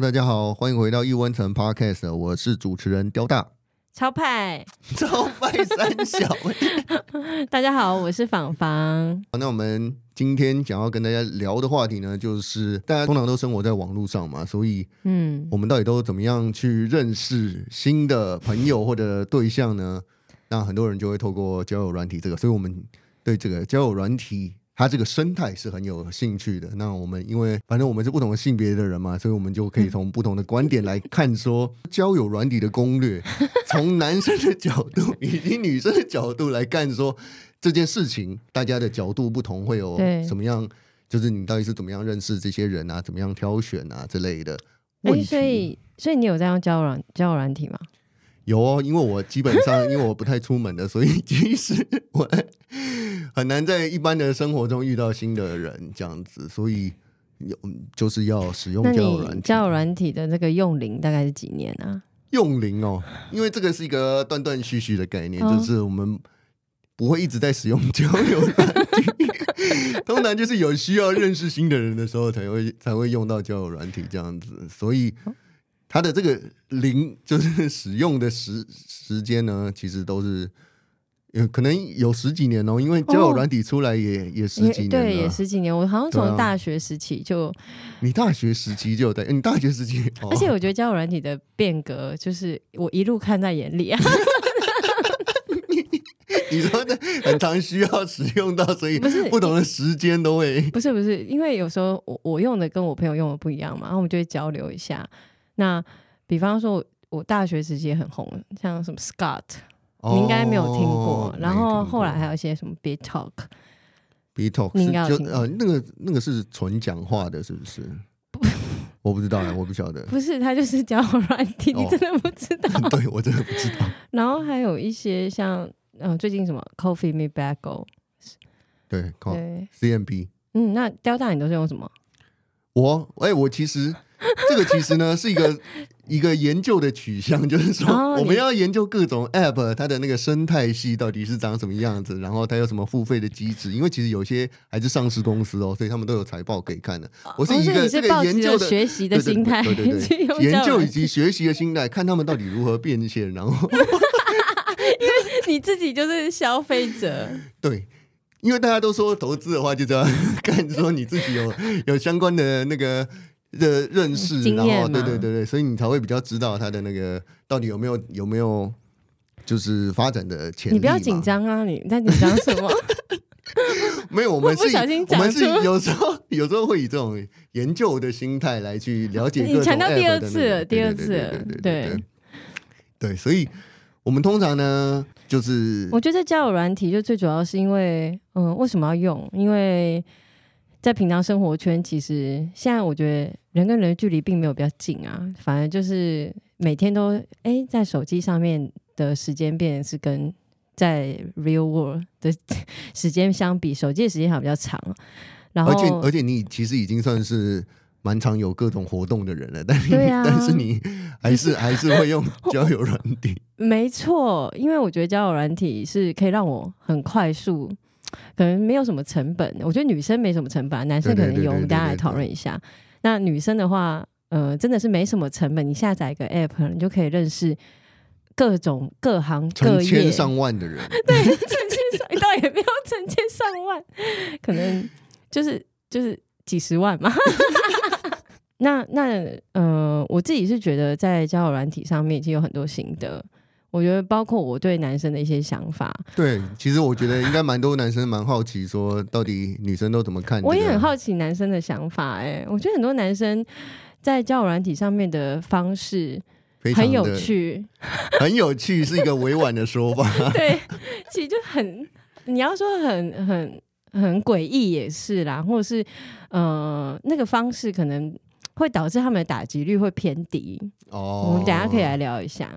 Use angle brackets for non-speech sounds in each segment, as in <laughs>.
大家好，歡迎回到異溫層 Podcast，我是主持人雕大超派，超派三小， <laughs> 大家好，我是房房。那我們今天想要跟大家聊的話題呢，就是大家通常都生活在網路上嘛，所以，嗯，我們到底都怎麼樣去認識新的朋友或者對象呢？ <laughs> 那很多人就會透過交友軟體這個，所以我們對這個交友軟體。他這個生態是很有興趣的。那我們因為反正我們是不同的性別的人嘛，所以我們就可以從不同的觀點來看說交友軟體的攻略，從男生的角度以及女生的角度來看說這件事情，大家的角度不同會有什麼樣？對就是你到底是怎麼樣認識這些人啊，怎麼樣挑選啊之類的。哎，所以所以你有在用交友軟交友軟體嗎？有哦，因為我基本上因為我不太出門的。 <laughs> 所以其實我很難在一般的生活中遇到新的人這樣子，所以有就是要使用交友軟體。交友軟體的那個用齡大概是幾年啊？用齡哦，因為這個是一個斷斷續續的概念，哦、就是我們不會一直在使用交友軟體， <laughs> 通常就是有需要認識新的人的時候才會才會用到交友軟體這樣子，所以，哦它的這個零就是使用的時時間呢，其實都是有可能有十幾年哦、喔，因為交友軟體出來也、哦、也十幾年，對，也十幾年。我好像從大學時期就、啊，你大學時期就在，你大學時期，而且我覺得交友軟體的變革，就是我一路看在眼裡啊 <laughs> <laughs> 你。你說的很常需要使用到，所以不同的時間都會不，不是不是，因為有時候我我用的跟我朋友用的不一樣嘛，然後我們就會交流一下。那比方說，我大學時期也很紅，像什麼 Scott，、oh, 你應該沒有聽過。聽過然後後來還有一些什麼 BeeTalk BeeTalk 就呃那個那個是純講話的，是不是？ <laughs> 我不知道哎、啊，我不曉得。不是，他就是叫 Randy 你真的不知道？Oh, 對我真的不知道。 <laughs> 然後還有一些像嗯、呃，最近什麼 Coffee Me Bagel，對，CMB。對 P、嗯，那雕大你都是用什麼？我哎、欸，我其實。 <laughs> 這個其實呢是一個一個研究的取向，就是說我們要研究各種 App 它的那個生態系到底是長什麼樣子，然後它有什麼付費的機制。因為其實有些還是上市公司哦，所以他們都有財報可以看的。我是一個這個研究的、哦哦、學習的心態，對對、對 <laughs> 研究以及學習的心態，看他們到底如何變現，然後 <laughs> <laughs> 因為你自己就是消費者， <laughs> 對，因為大家都說投資的話，就是要 <laughs> 看說你自己有有相關的那個。的認識，然後對對對對，所以你才會比較知道他的那個到底有沒有有沒有，就是發展的潛力。你不要緊張啊，你在緊張什麼？ <laughs> 沒有，我們是，我，我們是有時候有時候會以這種研究的心態來去了解。你強調第二次，第二次，對對對、對、對、對、對、對，所以我們通常呢，就是我覺得交友軟體就最主要是因為，嗯、呃，為什麼要用？因為。在平常生活圈，其實現在我覺得人跟人距離並沒有比較近啊，反而就是每天都誒、欸，在手機上面的時間，變是跟在 real world 的時間相比，手機的時間還比較長。然後，而且而且你其實已經算是蠻常有各種活動的人了，但你，對啊，但是你還是還是會用交友軟體。 <laughs> 沒錯，因為我覺得交友軟體是可以讓我很快速。可能沒有什麼成本，我覺得女生沒什麼成本啊，男生可能有，我們大家來討論一下。那女生的話，呃，真的是沒什麼成本，你下載一個 app，你就可以認識各種各行各業成千上萬的人。 <laughs> 對，成千上萬倒也沒有，成千上萬， <laughs> 可能就是就是幾十萬嘛。 <laughs> <laughs> 那那呃，我自己是覺得在交友軟體上面已經有很多心得。我覺得包括我對男生的一些想法，對，其實我覺得應該蠻多男生蠻好奇，說到底女生都怎麼看？我也很好奇男生的想法，欸，哎，我覺得很多男生在交友軟體上面的方式很有趣，很有趣是一個委婉的說法。 <laughs> 對，其實就很，你要說很很很詭異也是啦，或者是，呃，那個方式可能會導致他們的打擊率會偏低。哦，我們等下可以來聊一下。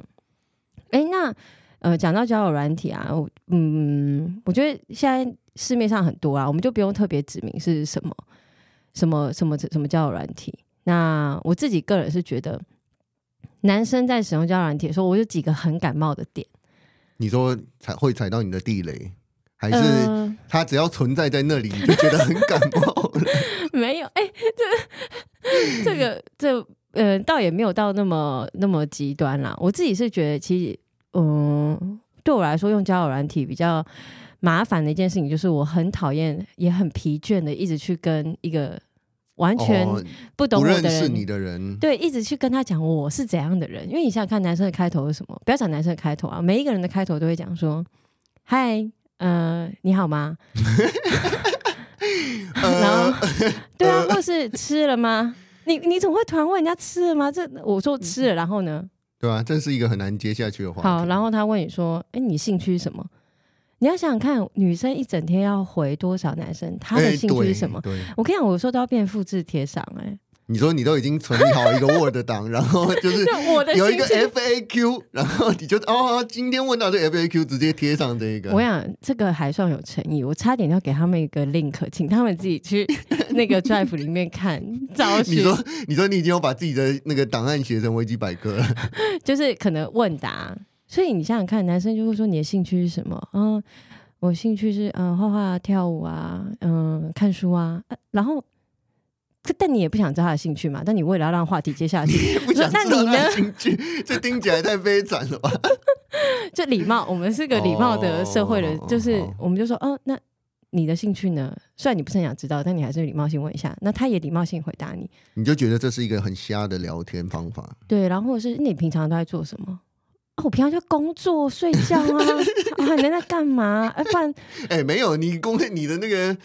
哎，那，呃，講到交友軟體啊，我嗯，我覺得現在市面上很多啊，我們就不用特別指明是什麼，什麼，什麼，什麼交友軟體。那我自己個人是覺得，男生在使用交友軟體的時候，我有幾個很感冒的點。你說踩會踩到你的地雷，還是、呃、他只要存在在那裡你就覺得很感冒？ <laughs> 沒有，哎，這這個這個，呃，倒也沒有到那麼那麼極端啦。我自己是覺得，其實。嗯，對我來說，用交友軟體比較麻煩的一件事情，就是我很討厭，也很疲倦的一直去跟一個完全不懂我的人，哦、不認識你的人對，一直去跟他講我是怎樣的人。因為你想看男生的開頭是什麼？不要講男生的開頭啊，每一個人的開頭都會講說：“嗨，呃，你好嗎？”然後，呃、對啊，或是吃了嗎？ <laughs> 你你怎麼會突然問人家吃了嗎？這我說吃了，然後呢？對啊，這是一個很難接下去的話題。好，然後他問你說：“哎、欸，你興趣什麼？”你要想想看，女生一整天要回多少男生，她的興趣是什麼？欸、對對，我跟你講，我有時候都要變複製貼上哎。你說你都已經存好一個 Word 檔， <laughs> 然後就是有一個 FAQ， <laughs> 然後你就哦，今天問到這 FAQ，直接貼上這個。我想這個還算有誠意，我差點要給他們一個 link，請他們自己去那個 Drive 裡面看找。 <laughs> 去你說，你說你已經有把自己的那個檔案寫成維基百科了，就是可能問答。所以你想想看，男生就會說你的興趣是什麼？嗯，我興趣是嗯畫畫、跳舞啊，嗯看書啊，啊然後。但你也不想知道他的興趣嘛？但你為了要讓話題接下去，你不想知道興趣，這聽起來太悲慘了吧？這禮 <laughs> 貌，我們是個禮貌的社會人，oh, 就是我們就說，哦、oh. 啊，那你的興趣呢？雖然你不是很想知道，但你還是禮貌性問一下。那他也禮貌性回答你，你就覺得這是一個很瞎的聊天方法。對，然後是你平常都在做什麼啊？我平常就工作、睡覺啊。 <laughs> 啊，你在幹嘛？哎、啊，不然，哎、欸，沒有，你工你的那個。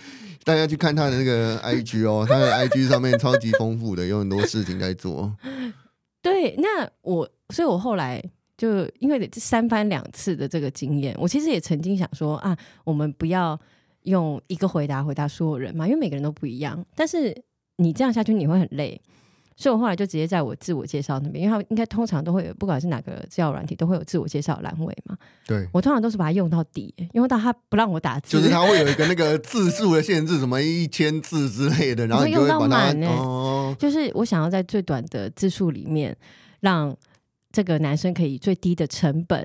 大家去看他的那個 IG 哦、喔，他的 IG 上面超級豐富的， <laughs> 有很多事情在做。對，那我，所以我後來就因為這三番兩次的這個經驗，我其實也曾經想說啊，我們不要用一個回答回答所有人嘛，因為每個人都不一樣。但是你這樣下去，你會很累。所以我後來就直接在我自我介紹那邊，因為他應該通常都會有，不管是哪個交軟體都會有自我介紹欄位嘛。對，我通常都是把它用到底，用到他不讓我打字，就是他會有一個那個字數的限制， <laughs> 什麼一千字之類的，然後就會把它用到滿哦。就是我想要在最短的字數裡面，讓這個男生可以最低的成本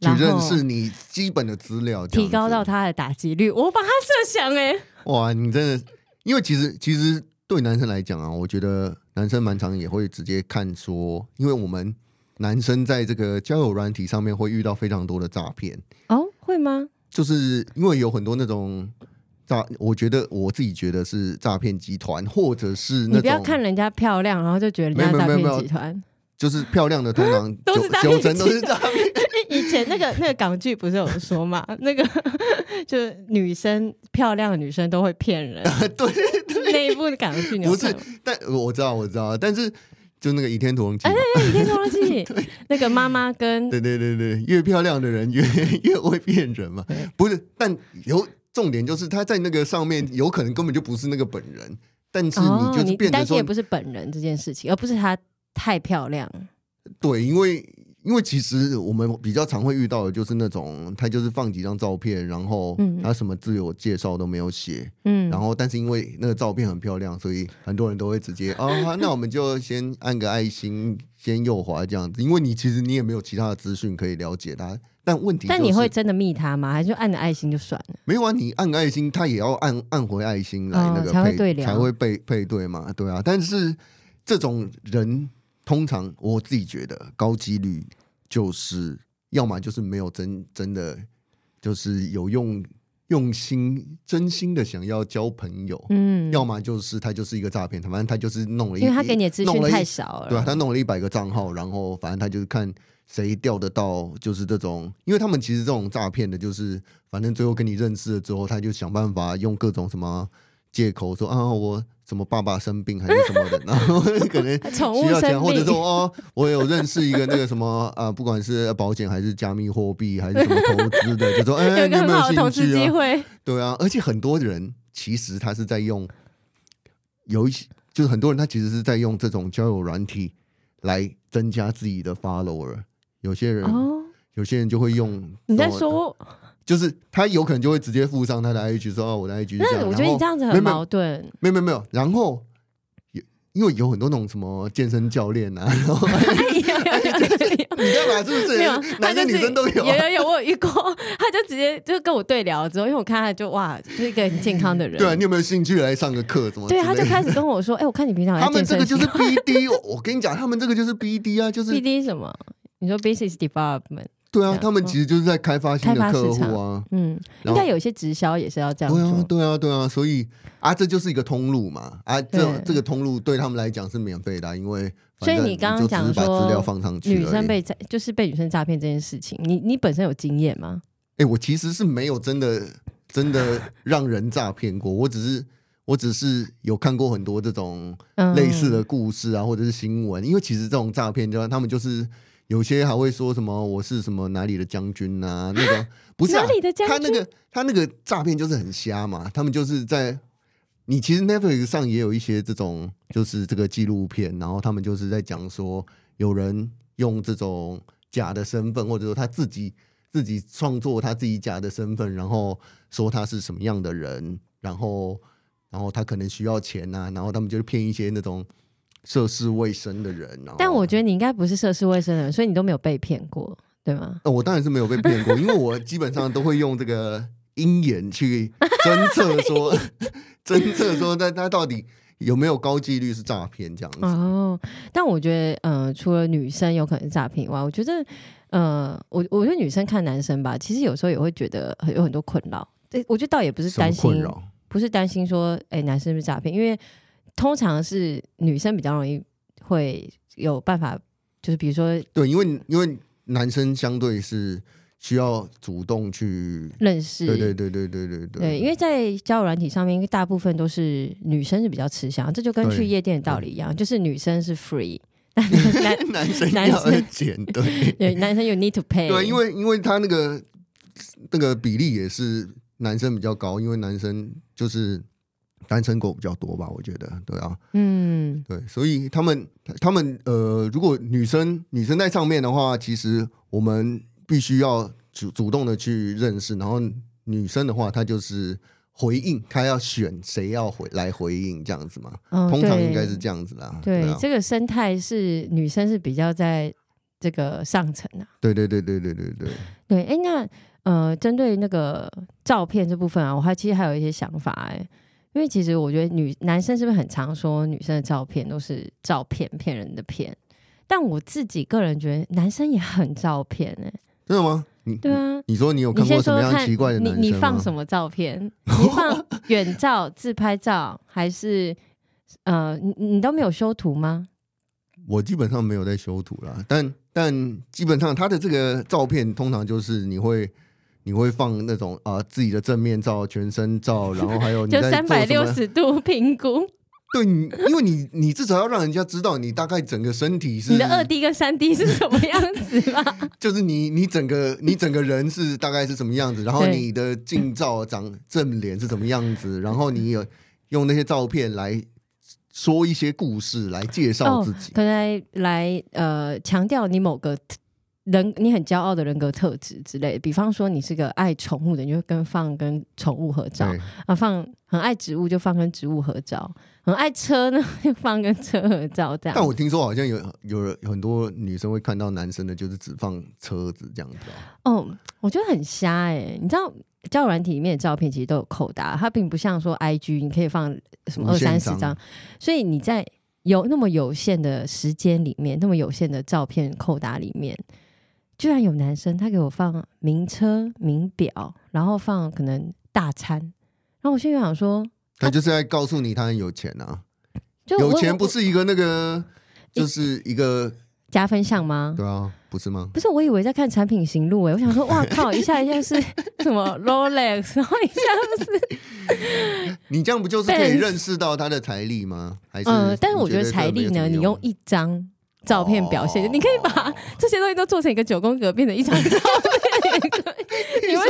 去認識你基本的資料，提高到他的打擊率。我把他設想哎，哇，你真的，因為其實其實對男生來講啊，我覺得。男生蠻常也會直接看說，因為我們男生在這個交友軟體上面會遇到非常多的詐騙。哦，會嗎？就是因為有很多那種詐，我覺得我自己覺得是詐騙集團，或者是你不要看人家漂亮，然後就覺得人家詐騙集團。就是漂亮的通常九,九成都是詐騙。以前那個那個港劇不是有人說嘛？ <laughs> 那個就是女生漂亮的女生都會騙人。 <laughs> 對，對，對 那一部港劇不是？但我知道，我知道。但是就那個《倚、欸、天屠龍記》，哎，對，《倚天屠龍記》那個媽媽跟……對對對對，越漂亮的人越越會騙人嘛？不是？但有重點就是，她在那個上面有可能根本就不是那個本人。但是你就是，你但是也不是本人這件事情，而不是她。太漂亮，對，因為因為其實我們比較常會遇到的就是那種，他就是放幾張照片，然後他什麼自我介紹都沒有寫，嗯，然後但是因為那個照片很漂亮，所以很多人都會直接啊、哦，那我們就先按個愛心， <laughs> 先右滑這樣子，因為你其實你也沒有其他的資訊可以了解他，但問題、就是，但你會真的密他嗎？還是按個愛心就算了？沒有啊，你按個愛心，他也要按按回愛心來、哦、那個配才會對才會被配對嘛，對啊，但是這種人。通常我自己覺得高幾率就是要麼就是沒有真真的就是有用用心真心的想要交朋友，嗯，要麼就是他就是一個詐騙，他反正他就是弄了一，因為他給你的資訊弄了太少了，對啊，他弄了一百個賬號，然後反正他就是看誰釣得到，就是這種，因為他們其實這種詐騙的，就是反正最後跟你認識了之後，他就想辦法用各種什麼借口說啊我。什麼爸爸生病還是什麼的，嗯、然後可能需要錢，或者說哦，我有認識一個那個什麼啊、呃，不管是保險還是加密貨幣還是什麼投資的，就說哎，你有沒有興趣啊？對啊，而且很多人其實他是在用，有一些就是很多人他其實是在用這種交友軟體來增加自己的 follower，有些人哦，有些人就會用 ot, 你在說，就是他有可能就會直接附上他的 IG 說啊，我的 IG 是這樣子，我覺得你這樣子很矛盾，沒有沒有沒有，然後因為有很多那種什麼健身教練吶，哎呀，你知道嗎？是不是？男生女生都有，有有有，我有一個，他就直接就跟我對聊之後，因為我看他就哇，是一個很健康的人。對，你有沒有興趣來上個課？怎麼？對，他就開始跟我說，哎，我看你平常他們這個就是 BD，我跟你講，他們這個就是 BD 啊。就是 BD 什麼？你說 Business Development？對啊，他們其實就是在開發新的客戶啊，嗯，後應該有些直銷也是要這樣做。對啊，對啊，對啊，所以啊，這就是一個通路嘛，啊，對這這個通路對他們來講是免費的，啊，因為所以你剛剛講就只是把資料放上去，女生被詐就是被女生詐騙這件事情，你你本身有經驗嗎？哎、欸，我其實是沒有真的真的讓人詐騙過， <laughs> 我只是我只是有看過很多這種類似的故事啊，嗯，或者是新聞，因為其實這種詐騙的話他們就是。有些還會說什麼我是什麼哪裡的將軍吶、啊？啊、那個不是、啊、他那個他那個詐騙就是很瞎嘛。他們就是在你其實 Netflix 上也有一些這種就是這個紀錄片，然後他們就是在講說有人用這種假的身份，或者說他自己自己創作他自己假的身份，然後說他是什麼樣的人，然後然後他可能需要錢吶、啊，然後他們就騙一些那種涉世未深的人，但我覺得你應該不是涉世未深的人，所以你都沒有被騙過，對嗎、哦？我當然是沒有被騙過， <laughs> 因為我基本上都會用這個鷹眼去偵測，說偵測說，那那 <laughs> 到底有沒有高幾率是詐騙這樣子哦？但我覺得，嗯、呃，除了女生有可能是詐騙以外，我覺得，嗯、呃，我我覺得女生看男生吧，其實有時候也會覺得有很多困擾。我覺得倒也不是擔心不是擔心說，哎、欸，男生是不是詐騙，因為。通常是女生比較容易會有辦法，就是比如說，對，因為因為男生相對是需要主動去認識，對對對對對對對，對，對，因為在交友軟體上面，因為大部分都是女生是比較吃香，這就跟去夜店的道理一樣，對就是女生是 free，男對 <laughs> 男生是對 <laughs> 男生撿，對對，男生有 need to pay，對，因為因為他那個那個比例也是男生比較高，因為男生就是。單身狗比較多吧，我覺得對啊，嗯，對，所以他們他們呃，如果女生女生在上面的話，其實我們必須要主主動的去認識，然後女生的話，她就是回應，她要選誰要回來回應這樣子嘛，嗯，通常應該是這樣子啦。對，對啊，這個生態是女生是比較在這個上層啊。對對對對對對對對，哎，那呃，針對那個照片這部分啊，我還其實還有一些想法，欸，哎。因為其實我覺得女，男生是不是很常說女生的照片都是照騙騙人的騙？但我自己個人覺得男生也很照騙。欸，真的嗎？你對啊你，你說你有看過什麼樣奇怪的男？你說說你放什麼照片？你放遠照、自拍照，還是 <laughs> 呃，你你都沒有修圖嗎？我基本上沒有在修圖啦，但但基本上他的這個照片通常就是你會。你會放那種啊，呃、自己的正面照，全身照，然後還有你的三百六十度評估。對，你因為你你至少要讓人家知道你大概整個身體是你的二 D 跟三 D 是什麼樣子嗎？就是你你整個你整個人是大概是什麼樣子，然後你的近照長正臉是什麼樣子，然後你有用那些照片來說一些故事來介紹自己，來來呃強調你某個。人，你很驕傲的人格特質之類的，比方說你是個愛寵物的，你就跟放跟寵物合照對啊；放很愛植物就放跟植物合照，很愛車呢就放跟車合照這樣。但我聽說好像有有，有很多女生會看到男生的，就是只放車子這樣子哦、啊。Oh, 我覺得很瞎哎、欸，你知道交友軟體裡面的照片其實都有扣打，它並不像說 I G 你可以放什麼二三十張，所以你在有那麼有限的時間裡面，那麼有限的照片扣打裡面。居然有男生，他給我放名車、名表，然後放可能大餐，然後我現在就想說，他,他就是在告訴你他很有錢啊，就有錢不是一個那個，欸、就是一個加分項嗎、嗯？對啊，不是嗎？不是，我以為在看產品型錄誒、欸，我想說，哇靠，一下一下是什麼 <laughs> Rolex，然後一下子是， <laughs> 你這樣不就是可以 B ans? 認識到他的財力嗎？還是什麼嗯，但是我覺得財力呢，你用一張。照片表現，oh, 你可以把這些東西都做成一個九宮格，變成一張照片。 <laughs> 你為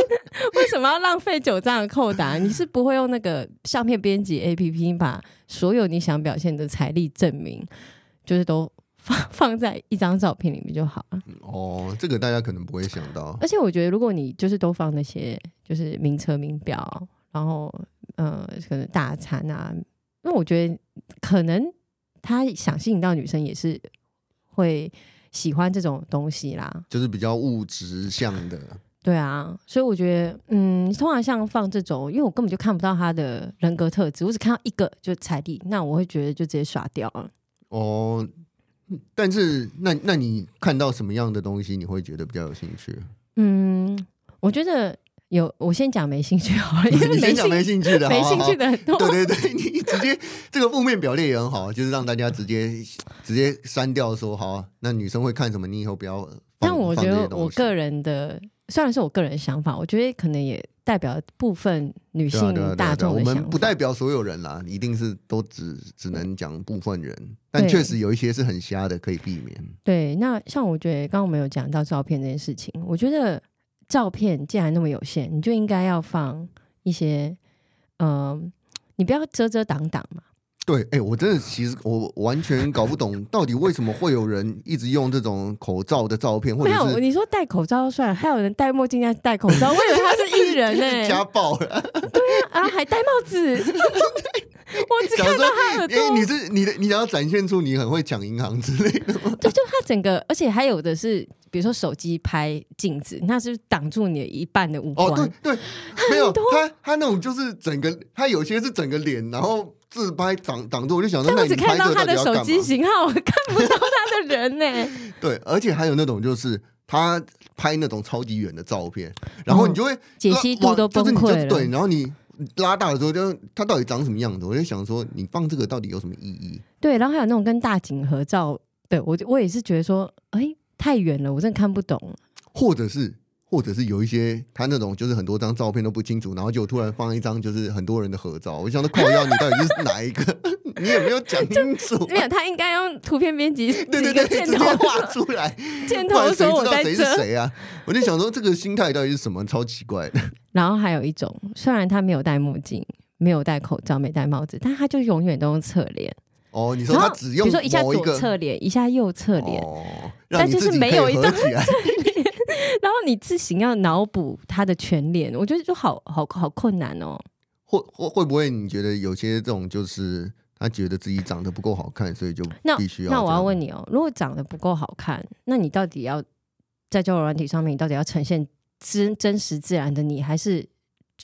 為什麼要浪費九張扣打？你是不會用那個相片編輯 A P P 把所有你想表現的財力證明，就是都放放在一張照片裡面就好了。哦，oh, 這個大家可能不會想到。而且我覺得，如果你就是都放那些，就是名車名表，然後呃，可能大餐啊，那我覺得可能他想吸引到女生也是。會喜歡這種東西啦，就是比較物質向的。對啊，所以我覺得，嗯，通常像放這種，因為我根本就看不到他的人格特質，我只看到一個，就是財力。那我會覺得就直接刷掉了。哦，但是那那你看到什麼樣的東西，你會覺得比較有興趣？嗯，我覺得。有我先講沒興趣好了，因為沒你先講沒興趣的，沒興趣的，很多，對對對，你直接 <laughs> 這個負面表列也很好，就是讓大家直接直接刪掉說好啊。那女生會看什麼？你以後不要。但我覺得我個，我個人的，雖然是我個人的想法，我覺得可能也代表部分女性大眾的想法。我們不代表所有人啦，一定是都只只能講部分人，但確實有一些是很瞎的，可以避免。對，對，那像我覺得剛剛我們有講到照片這件事情，我覺得。照片既然那麼有限，你就應該要放一些，嗯、呃，你不要遮遮擋擋嘛。對，哎、欸，我真的其實我完全搞不懂，到底為什麼會有人一直用這種口罩的照片，或者沒有你說戴口罩算了，還有人戴墨鏡加戴口罩，我以為他是藝人呢、欸？家暴了，對啊，啊，還戴帽子， <laughs> 我只看到他耳朵。哎、欸，你是你的，你想要展現出你很會搶銀行之類的嗎？對，就他整個，而且還有的是。比如說手機拍鏡子，那是擋住你的一半的五官。哦，對對，多沒有他，他那種就是整個，他有些是整個臉，然後自拍擋擋住，我就想說，那你只看到他的手機型號，看不到他的人呢？ <laughs> 對，而且還有那種就是他拍那種超級遠的照片，然後你就會、哦、說解析度都崩潰、就是就是。對，然後你拉大的時候就，就他到底長什麼樣子？我就想說，你放這個到底有什麼意義？對，然後還有那種跟大景合照，對我我也是覺得說，哎、欸。太遠了，我真的看不懂。或者是，或者是有一些他那種，就是很多張照片都不清楚，然後就突然放一張就是很多人的合照，我想說，口罩你到底是哪一個？ <laughs> 你也沒有講清楚。 <laughs> 沒有，他應該用圖片編輯片對對箭對頭畫出來，箭 <laughs> 頭說我知道誰是誰啊？我就想說，這個心態到底是什麼？超奇怪的。然後還有一種，雖然他沒有戴墨鏡，沒有戴口罩，沒戴帶帽子，但他就永遠都是側臉。哦，你說他只用，比如說一下左側臉，一下右側臉，但就是沒有一張側臉，然後你自行要腦補他的全臉，我覺得就好，好好困難哦。會會會不會你覺得有些這種就是他覺得自己長得不夠好看，所以就必須要。那那我要問你哦，如果長得不夠好看，那你到底要在交友軟體上面，你到底要呈現真真實自然的你，還是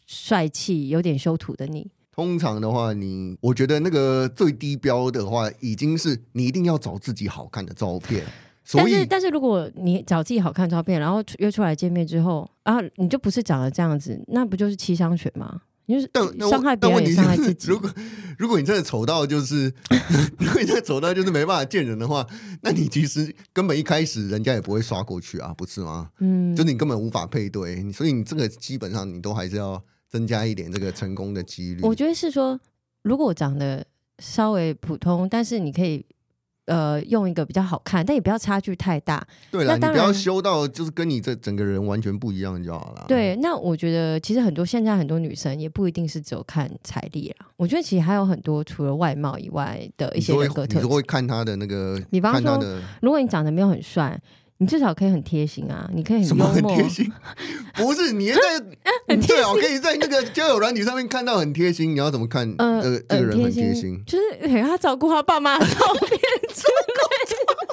帥氣有點修圖的你？通常的話你，你我覺得那個最低標的話，已經是你一定要找自己好看的照片。所以但是，但是如果你找自己好看照片，然後約出來見面之後，然後、啊、你就不是長得這樣子，那不就是七傷拳嗎？你、就是我傷害別人、就是、也傷害自己。如果如果你真的醜到就是，如果你真的醜到、就是、 <laughs> 到就是沒辦法見人的話，那你其實根本一開始人家也不會刷過去啊，不是嗎？嗯，就是你根本無法配對，所以你這個基本上你都還是要。增加一點這個成功的幾率。我覺得是說，如果我長得稍微普通，但是你可以，呃，用一個比較好看，但也不要差距太大。對啦，那當然你不要修到就是跟你這整個人完全不一樣就好了。對，那我覺得其實很多現在很多女生也不一定是只有看財力啦，我覺得其實還有很多除了外貌以外的一些人格特質。你，會，你會看她的那個？比方說，的如果你長得沒有很帥。你至少可以很貼心啊！你可以很什麼很貼心？不是你也在對啊，我可以在那個交友軟體上面看到很貼心。你要怎麼看？呃，呃這個人很貼心，心，就是哎、欸，他照顧他爸媽照片足夠。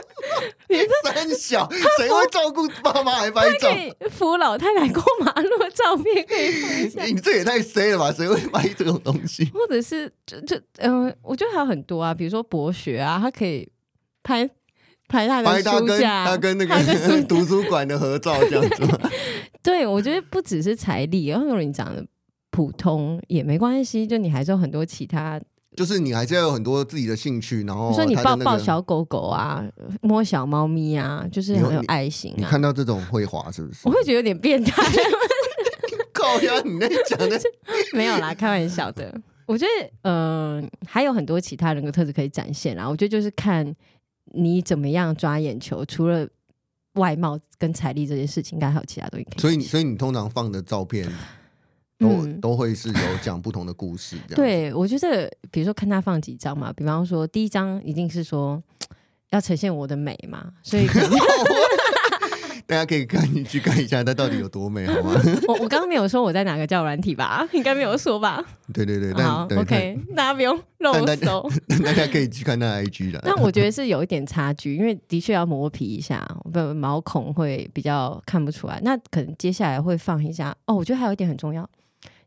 你 <laughs> 三小誰會照顧爸媽還拍照？扶老太太過馬路的照片可以一下、欸。你這也太深了吧？誰會拍這種東西？或者是就就嗯、呃，我覺得還有很多啊，比如說博學啊，他可以拍。拍他，拍他跟他跟那個圖就 <laughs> 書館的合照這樣子， <laughs> 對，我覺得不只是財力，然後如果你長得普通也沒關係，就你還是有很多其他，就是你還是要有很多自己的興趣，然後你說你抱、那個、抱小狗狗啊，摸小貓咪啊，就是很有愛心、啊你你。你看到這種繪畫是不是？ <laughs> 我會覺得有點變態。靠呀，你那講的是沒有啦，開玩笑的。 <laughs> 我覺得嗯、呃，還有很多其他人格特質可以展現啦。我覺得就是看。你怎麼樣抓眼球？除了外貌跟財力這件事情，應該還有其他東西。所以你，所以你通常放的照片，都、嗯、都會是有講不同的故事。對，我覺得，比如說看他放幾張嘛，比方說第一張一定是說要呈現我的美嘛，所以。 <laughs> <laughs> 大家可以趕緊去看一下，它到底有多美，好嗎？ <laughs> 我我剛剛沒有說我在哪個交友軟體吧， <laughs> 應該沒有說吧？對對對，但好但，OK，大家不用肉搜。大家可以去看那 IG 啦。但 <laughs> 我覺得是有一點差距，因為的確要磨皮一下，不，毛孔會比較看不出來。那可能接下來會放一下哦。我覺得還有一點很重要，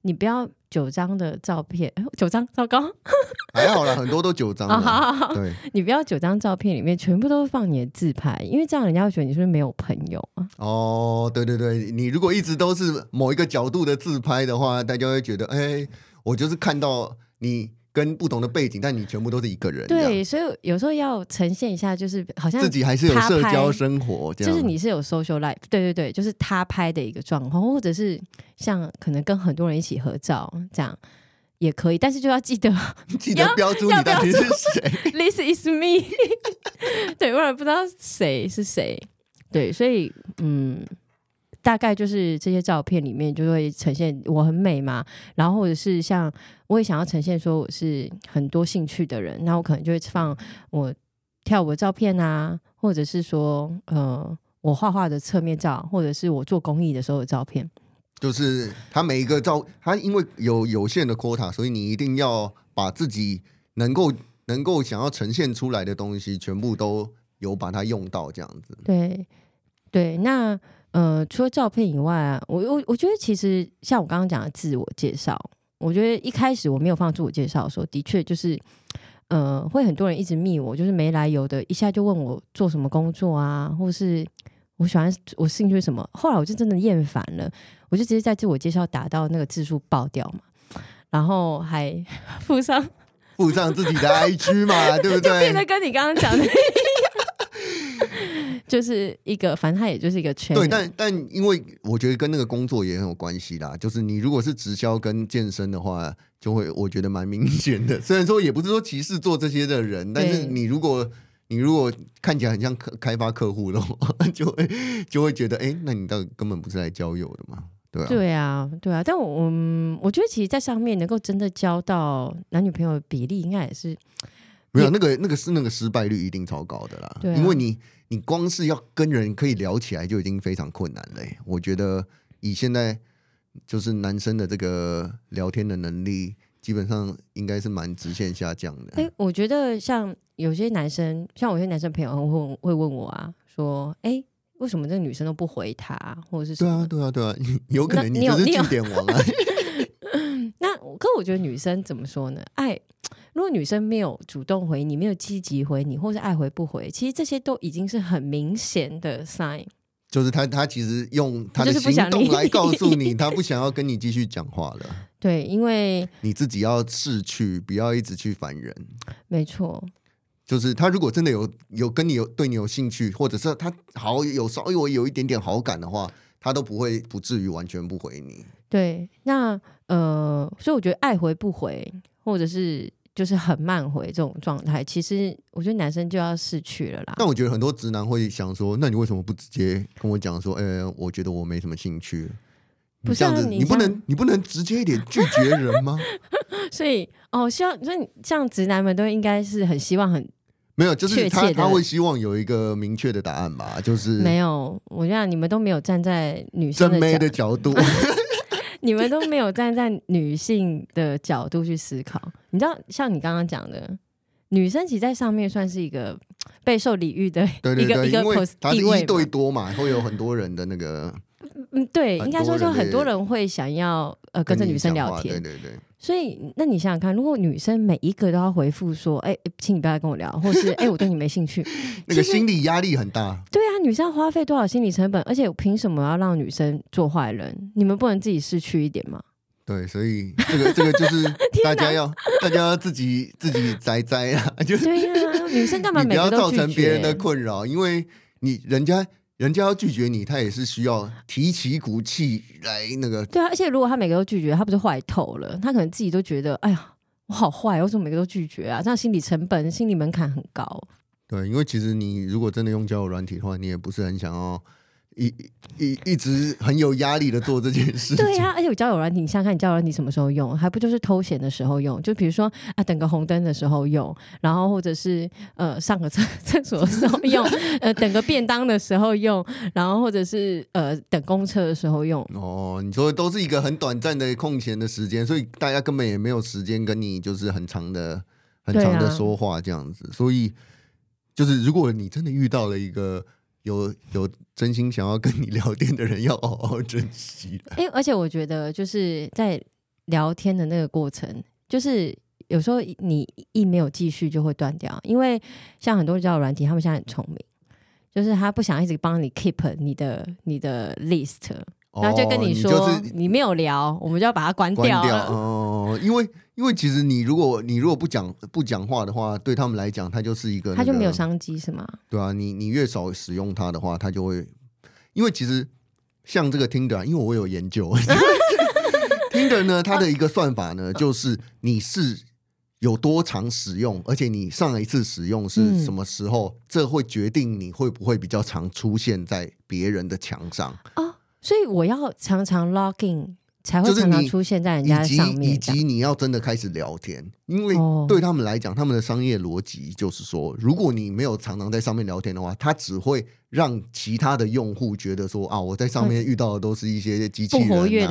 你不要。九張的照片，九張，糟糕， <laughs> 還好了，很多都九張。啊，對，你不要九張照片裡面全部都放你的自拍，因為這樣人家會覺得你是不是沒有朋友啊？哦，對對對，你如果一直都是某一個角度的自拍的話，大家會覺得，哎、欸，我就是看到你，跟不同的背景，但你全部都是一個人。對，這樣。所以有時候要呈現一下，就是好像自己還是有社交生活，就是你是有 social life。對對對，就是他拍的一個狀況，或者是像可能跟很多人一起合照這樣也可以，但是就要記得記得標注你到底是誰。 <laughs> This is me。對，我也不知道誰是誰。對，所以嗯，大概就是這些照片裡面就會呈現我很美嘛，然後或者是像。我也想要呈現說我是很多興趣的人，那我可能就會放我跳舞的照片啊，或者是說呃我畫畫的側面照，或者是我做公益的時候的照片。就是他每一個照，他因為有有限的 quota，所以你一定要把自己能夠能夠想要呈現出來的東西，全部都有把它用到這樣子。對對，那呃除了照片以外啊，我我我覺得其實像我剛剛講的自我介紹。我覺得一開始我沒有放自我介紹的時候，的確就是，呃，會很多人一直密我，就是沒來由的，一下就問我做什麼工作啊，或是我喜歡我興趣什麼。後來我就真的厭煩了，我就直接在自我介紹打到那個字數爆掉嘛，然後還附上附上自己的 IG 嘛， <laughs> 對不對？變得跟你剛剛講的。 <laughs> <laughs> 就是一個，反正他也就是一個圈。對，但但因為我覺得跟那個工作也很有關係啦。就是你如果是直銷跟健身的話，就會我覺得蠻明顯的。雖然說也不是說歧視做這些的人，對但是你如果你如果看起來很像開開發客戶的話，就會就會覺得，哎、欸，那你到底根本不是來交友的嘛？對啊，對啊，對啊。但我我覺得其實，在上面能夠真的交到男女朋友的比例，應該也是沒有那個那個是那個失敗率一定超高的啦。對、啊，因為你。你光是要跟人可以聊起來就已經非常困難了、欸。我覺得以現在就是男生的這個聊天的能力，基本上應該是蠻直線下降的。哎、欸，我覺得像有些男生，像有些男生朋友會會問我啊，說：“哎、欸，為什麼這個女生都不回他？”或者是什麼？對啊，對啊，對啊，有可能你就是句點王啊。那，可我覺得女生怎麼說呢？愛。如果女生沒有主動回你，沒有積極回你，或是愛回不回，其實這些都已經是很明顯的 sign。就是她，她其實用她的行動來告訴你，她不， <laughs> 不想要跟你繼續講話了。對，因為你自己要識趣，不要一直去煩人。沒錯，就是他如果真的有有跟你有對你有興趣，或者是他好有稍微有一點點好感的話，他都不會不至於完全不回你。對，那呃，所以我覺得愛回不回，或者是。就是很慢回這種狀態，其實我覺得男生就要失去了啦。但我覺得很多直男會想說，那你為什麼不直接跟我講說，哎、欸，我覺得我沒什麼興趣，不是、啊、這樣子，你，像你不能你不能直接一點拒絕人嗎？ <laughs> 所以，哦，希望所以像直男們都應該是很希望很沒有，就是他他會希望有一個明確的答案吧？就是沒有，我覺得你們都沒有站在女生的角度。 <laughs> 你們都沒有站在女性的角度去思考， <laughs> 你知道，像你剛剛講的，女生其實在上面算是一個備受禮遇的，對對對，一個 close 因為一對多嘛， <laughs> 會有很多人的那個。嗯，對，應該說就很多人會想要呃跟着女生聊天，對對對。所以，那你想想看，如果女生每一個都要回復說“哎、欸，請你不要跟我聊”或是“哎、欸，我對你沒興趣”， <laughs> 實那個心理壓力很大。對啊，女生要花費多少心理成本？而且我憑什麼要讓女生做壞人？你們不能自己失去一點嗎？對，所以這個這個就是大家要 <laughs> 哪大家要自己自己宅宅啊！就是對、啊、女生幹嘛每個都？你不要造成別人的困擾，因為你人家。人家要拒絕你，他也是需要提起一股氣來那個。對啊，而且如果他每個都拒絕，他不是壞透了？他可能自己都覺得，哎呀，我好壞，我為什麼每個都拒絕啊？這樣心理成本、心理門檻很高。對，因為其實你如果真的用交友軟體的話，你也不是很想要。一一一直很有壓力的做這件事情，對呀、啊，而且我交友軟體，你你想看你交友軟體你什麼時候用？還不就是偷閒的時候用，就比如說啊，等個紅燈的時候用，然後或者是呃上個廁廁所的時候用， <laughs> 呃等個便當的時候用，然後或者是呃等公車的時候用。哦，你說的都是一個很短暫的空閒的時間，所以大家根本也沒有時間跟你就是很長的、很長的說話這樣子。啊、所以就是如果你真的遇到了一個。有有真心想要跟你聊天的人，要好好珍惜。誒、欸，而且我覺得就是在聊天的那個過程，就是有時候你一沒有繼續，就會斷掉。因為像很多交友軟體，他們現在很聰明，就是他不想一直幫你 keep 你的你的 list。然後就跟你說，哦你，就是、你沒有聊，我們就要把它關，關掉。嗯、哦，因為因為其實你如果你如果不講不講話的話，對他們來講，它就是一個，個、啊，它就沒有商機是嗎？對啊，你你越少使用它的話，它就會，因為其實像這個 Tinder，因為我有研究，Tinder <laughs> <laughs> 呢，它的一個算法呢，就是你是有多常使用，而且你上一次使用是什麼時候，嗯、這會決定你會不會比較常出現在別人的牆上。哦所以我要常常 log in 才會常常出現在人家的上面以及。以及你要真的開始聊天，因為對他們來講，哦、他們的商業邏輯就是說，如果你沒有常常在上面聊天的話，他只會讓其他的用戶覺得說啊，我在上面遇到的都是一些機器人啊，不活躍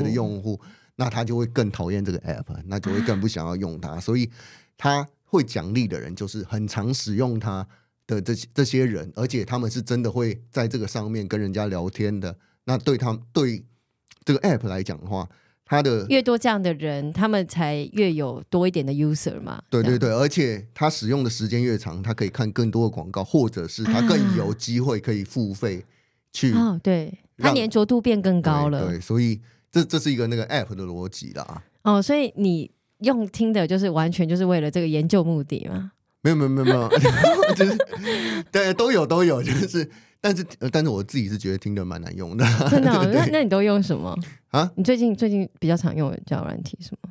的用戶，那他就會更討厭這個 app，那就會更不想要用它。啊、所以他會獎勵的人，就是很常使用它的這這些人，而且他們是真的會在這個上面跟人家聊天的。那對他，對這個 app 來講的話，他的越多這樣的人，他們才越有多一點的 user 嘛。對對對，樣而且他使用的時間越長，他可以看更多的廣告，或者是他更有機會可以付費去。啊、後哦，對，他黏着度變更高了。對，對，所以這這是一個那個 app 的邏輯啦。哦，所以你用聽的就是完全就是為了這個研究目的嗎？沒有沒有沒有沒有，就是對，都有都有，就是。但是、呃、但是我自己是覺得聽着蠻難用的，啊，真的、啊？對對對，那那你都用什麼啊？你最近最近比較常用的交友軟體是什麼？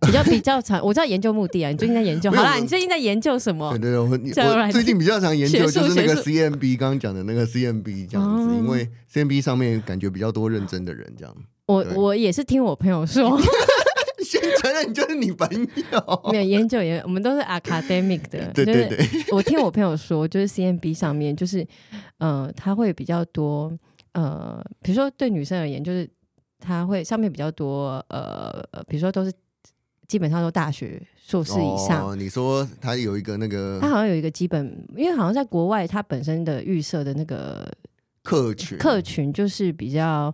比較比較常。 <laughs> 我知道研究目的啊。你最近在研究？好啦，你最近在研究什麼？對對對，我，我最近比較常研究就是那個 CMB，剛剛講的那個 CMB 這樣子，嗯、因為 CMB 上面感覺比較多認真的人這樣。我我也是聽我朋友說。 <laughs> 先承認你就是女朋友。 <laughs> 沒有研究，研究，研究我們都是 academic 的。 <laughs> 對對對，我聽我朋友說，就是 CMB 上面就是，嗯、呃，他會比較多，呃，比如說對女生而言，就是他會上面比較多，呃，比如說都是基本上都大學碩士以上。哦、你說他有一個那個？他好像有一個基本，因為好像在國外，他本身的預設的那個客群，客群就是比較。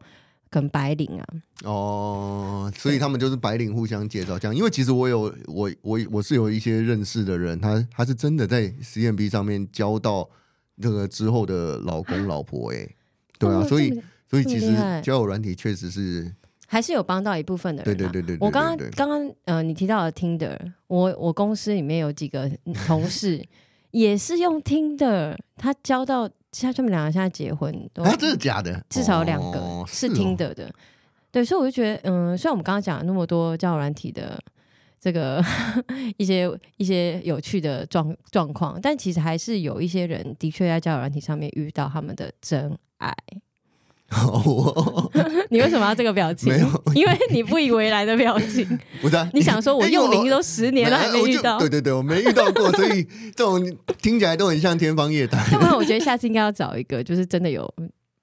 很白領啊，哦，所以他們就是白領互相介紹，這樣。因為其實我有我我我是有一些認識的人，他他是真的在 CMB 上面交到那、這個之後的老公老婆、欸，哎，對啊，哦、所以所以其實交友軟體確實是還是有幫到一部分的人、啊。對對對對，對對對對，我剛剛剛剛呃，你提到了 Tinder，我我公司裡面有幾個同事。 <laughs> 也是用聽的，他交到他他們兩個現在結婚，啊、欸，真的假的？至少兩個、哦、是聽的的，哦、對，所以我就覺得，嗯，雖然我們剛剛講了那麼多交友軟體的這個呵呵一些一些有趣的狀狀況，但其實還是有一些人的確在交友軟體上面遇到他們的真愛。哦， <laughs> 我 <laughs> 你為什麼要這個表情？沒有 <laughs> 因為你不以為來的表情。不是啊，你想說我用零都十年了還沒遇到？對對對，我沒遇到過， <laughs> 所以這種聽起來都很像天方夜譚 <laughs> <laughs> 那我覺得下次應該要找一個，就是真的有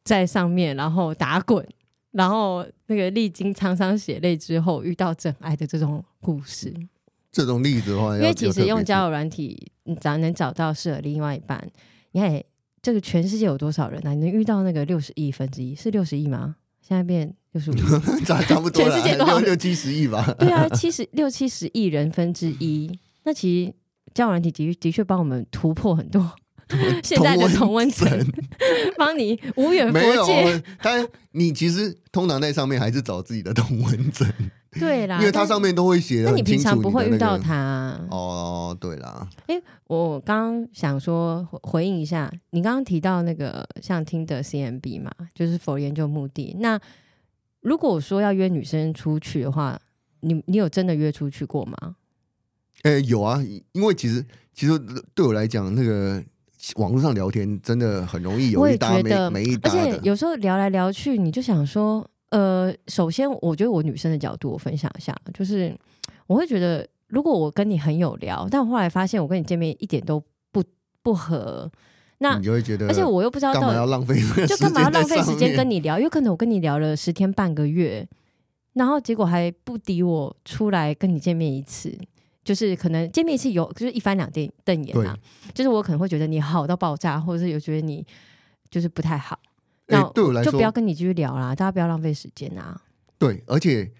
在上面，然後打滾，然後那個歷經滄桑血淚之後遇到真愛的這種故事。這種例子的話，因為其實用交友軟體，你只要能找到適合另外一半，你看。這個全世界有多少人，啊、你能遇到那個六十億分之一？是六十億嗎？現在變六十五億， <laughs> 差不多了。全世界都六七十億吧。對啊，七十六七十億人分之一。那其實交友軟體的的確幫我們突破很多， <laughs> 現在的同溫層幫你無遠弗屆。但你其實通常在上面還是找自己的同溫層。對啦，因為它上面都會寫但。那你平常不會遇到他啊。哦，對啦。哎，我剛想說回應一下，你剛剛提到那個像 Tinder、CMB 嘛，就是 for 研究目的。那如果說要約女生出去的話，你你有真的約出去過嗎？哎，有啊，因為其實其實對我來講，那個網絡上聊天真的很容易有一搭沒，我覺得，沒一搭，而且有時候聊來聊去，你就想說。呃，首先，我覺得我女生的角度，我分享一下，就是我會覺得，如果我跟你很有聊，但我後來發現我跟你見面一點都不不合，那你就會覺得，而且我又不知道到底，就幹嘛要浪費時間跟你聊，因為可能我跟你聊了十天半個月，然後結果還不抵我出來跟你見面一次，就是可能見面一次有就是一翻兩瞪瞪眼啊，對 就是我可能會覺得你好到爆炸，或者是有覺得你就是不太好。那就不要跟你繼續聊啦，大家不要浪費時間啦。對，而且。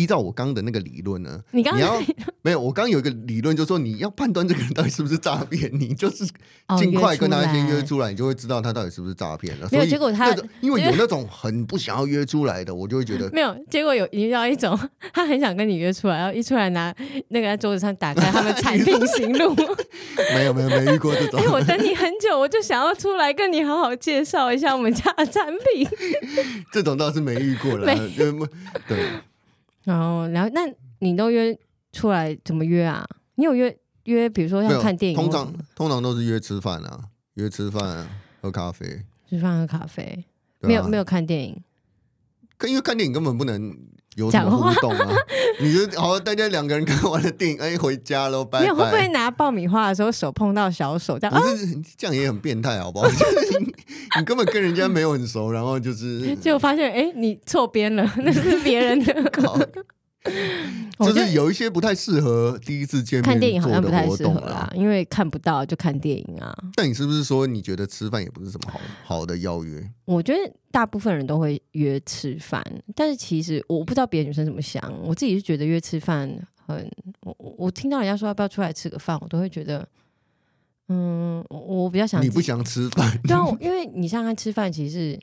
依照我剛的那個理論呢，你剛，你要沒有我剛有一個理論，就是說你要判斷這個人到底是不是詐騙，你就是儘快跟他先約出來，你就會知道他到底是不是詐騙了。沒有結果他，他因為有那種很不想要約出來的，我就會覺得沒有結果有遇到一種他很想跟你約出來，然後一出來拿那個在桌子上打開 <laughs> 他的產品型錄， <laughs> 沒有沒有沒遇過這種，因為、欸、我等你很久，我就想要出來跟你好好介紹一下我們家的產品。 <laughs> 這種倒是沒遇過了、啊，沒對。然後，然後，那你都約出來怎麼約啊？你有約約，比如說像看電影，通常通常都是約吃飯啊，約吃飯啊，喝咖啡，吃飯喝咖啡，啊，沒有沒有看電影，可因為看電影根本不能。講、啊、講話懂你就好，大家兩個人看完了電影，哎、欸，回家嘍，拜拜。你會不會拿爆米花的時候手碰到小手？這樣、啊、可是，這樣也很變態，好不好 <laughs> 你？你根本跟人家沒有很熟，然後就是，結果發現哎、欸，你錯邊了， <laughs> 那是別人的。 <laughs> 就是有一些不太適合第一次見面看電影好像不太適合啦、啊，因為看不到就看電影啊。但你是不是說你覺得吃飯也不是什麼好好的邀約？我覺得大部分人都會約吃飯，但是其實我不知道別的女生怎麼想，我自己是覺得約吃飯很……我我聽到人家說要不要出來吃個飯，我都會覺得，嗯，我比較想你不想吃飯對啊， <laughs> 因為你像他吃飯，其實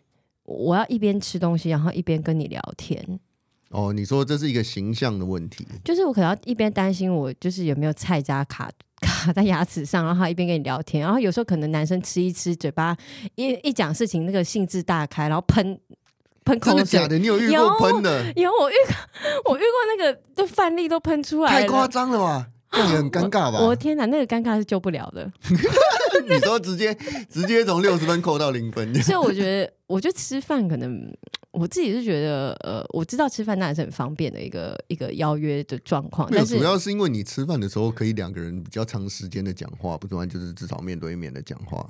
我要一邊吃東西，然後一邊跟你聊天。哦，你說這是一個形象的問題，就是我可能一邊擔心我就是有沒有菜渣卡卡在牙齒上，然後一邊跟你聊天，然後有時候可能男生吃一吃，嘴巴一一講事情，那個興致大開，然後噴噴口水。真的假的？你有遇過噴的？有，有我遇我遇過那個，就飯粒都噴出來了，太誇張了吧？也很尷尬吧？我，我天哪，那個尷尬是救不了的。 <laughs> 你說直接直接從六十分扣到零分？ <laughs> 所以我覺得，我覺得吃飯，可能我自己是覺得，呃，我知道吃飯那還是很方便的一個一個邀約的狀況。但是沒有，主要是因為你吃飯的時候可以兩個人比較長時間的講話，不然就是至少面對面的講話。